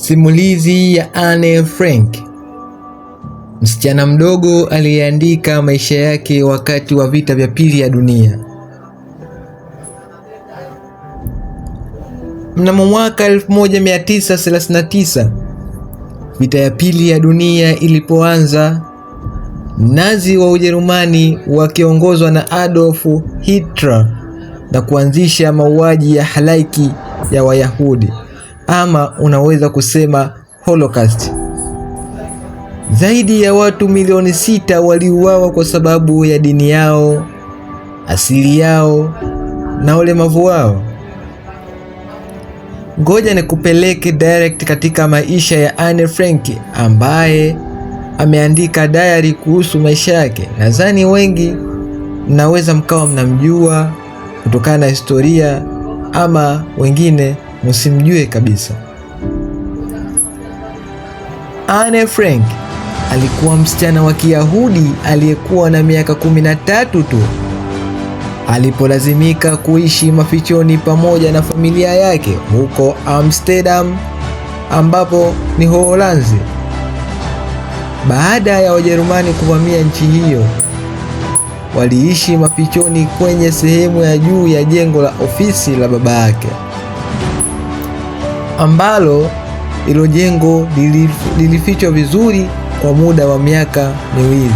Simulizi ya Anne Frank, msichana mdogo aliyeandika maisha yake wakati wa vita vya pili ya dunia. Mnamo mwaka 1939 vita ya pili ya dunia ilipoanza, Nazi wa Ujerumani wakiongozwa na Adolf Hitler na kuanzisha mauaji ya halaiki ya Wayahudi ama unaweza kusema Holocaust. Zaidi ya watu milioni sita waliuawa kwa sababu ya dini yao, asili yao na ulemavu wao. Ngoja nikupeleke direct katika maisha ya Anne Frank ambaye ameandika diary kuhusu maisha yake. Nadhani wengi mnaweza mkawa mnamjua kutokana na historia ama wengine msimjue kabisa. Anne Frank alikuwa msichana wa Kiyahudi aliyekuwa na miaka 13 tu alipolazimika kuishi mafichoni pamoja na familia yake huko Amsterdam ambapo ni holanzi baada ya Wajerumani kuvamia nchi hiyo. Waliishi mafichoni kwenye sehemu ya juu ya jengo la ofisi la baba yake ambalo hilo jengo lilifichwa vizuri kwa muda wa miaka miwili.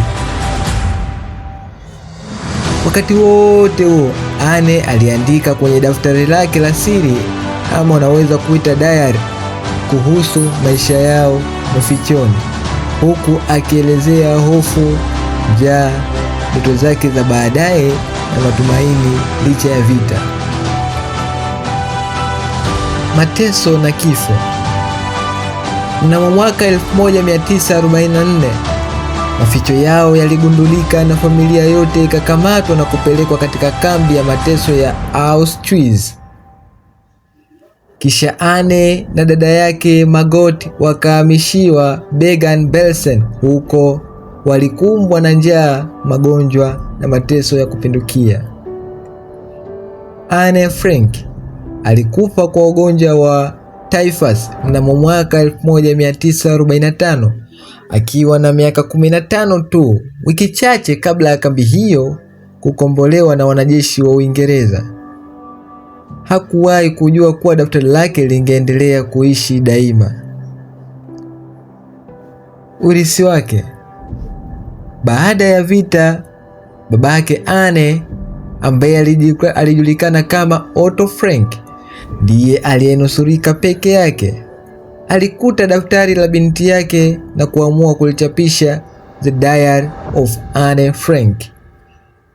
Wakati wote huo, Anne aliandika kwenye daftari lake la siri, ama unaweza kuita diary, kuhusu maisha yao mafichoni, huku akielezea hofu, ja ndoto zake za baadaye na matumaini licha ya vita mateso na kifo. Mnamo mwaka 1944 maficho yao yaligundulika na familia yote ikakamatwa na kupelekwa katika kambi ya mateso ya Auschwitz. Kisha Anne na dada yake Margot wakahamishiwa Bergen-Belsen. Huko walikumbwa na njaa, magonjwa na mateso ya kupindukia. Anne Frank alikufa kwa ugonjwa wa typhus mnamo mwaka 1945 akiwa na miaka 15 tu, wiki chache kabla ya kambi hiyo kukombolewa na wanajeshi wa Uingereza. Hakuwahi kujua kuwa daftari lake lingeendelea kuishi daima. Urithi wake. Baada ya vita, babake Anne ambaye alijulikana kama Otto Frank ndiye aliyenusurika peke yake. Alikuta daftari la binti yake na kuamua kulichapisha. The Diary of Anne Frank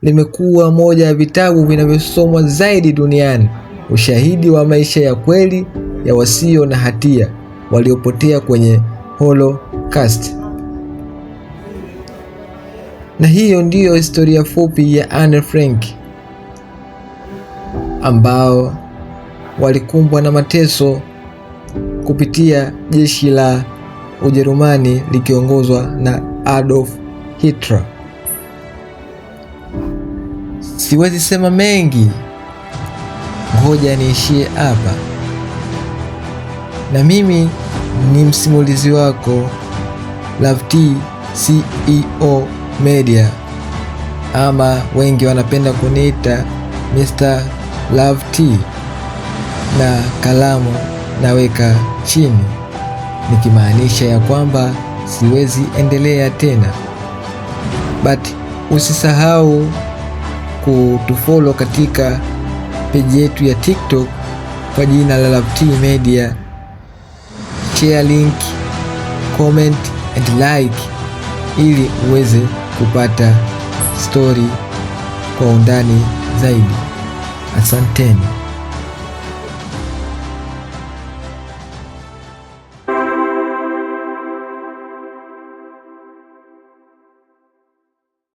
limekuwa moja ya vitabu vinavyosomwa zaidi duniani, ushahidi wa maisha ya kweli ya wasio na hatia waliopotea kwenye Holocaust. Na hiyo ndiyo historia fupi ya Anne Frank ambao walikumbwa na mateso kupitia jeshi la Ujerumani likiongozwa na Adolf Hitler. Siwezi sema mengi, ngoja niishie hapa, na mimi ni msimulizi wako lavt CEO Media, ama wengi wanapenda kuniita Mr. lavt na kalamu naweka chini, nikimaanisha ya kwamba siwezi endelea tena. But usisahau kutufollow katika peji yetu ya TikTok kwa jina la LavT Media. Share link, comment and like ili uweze kupata stori kwa undani zaidi. Asanteni.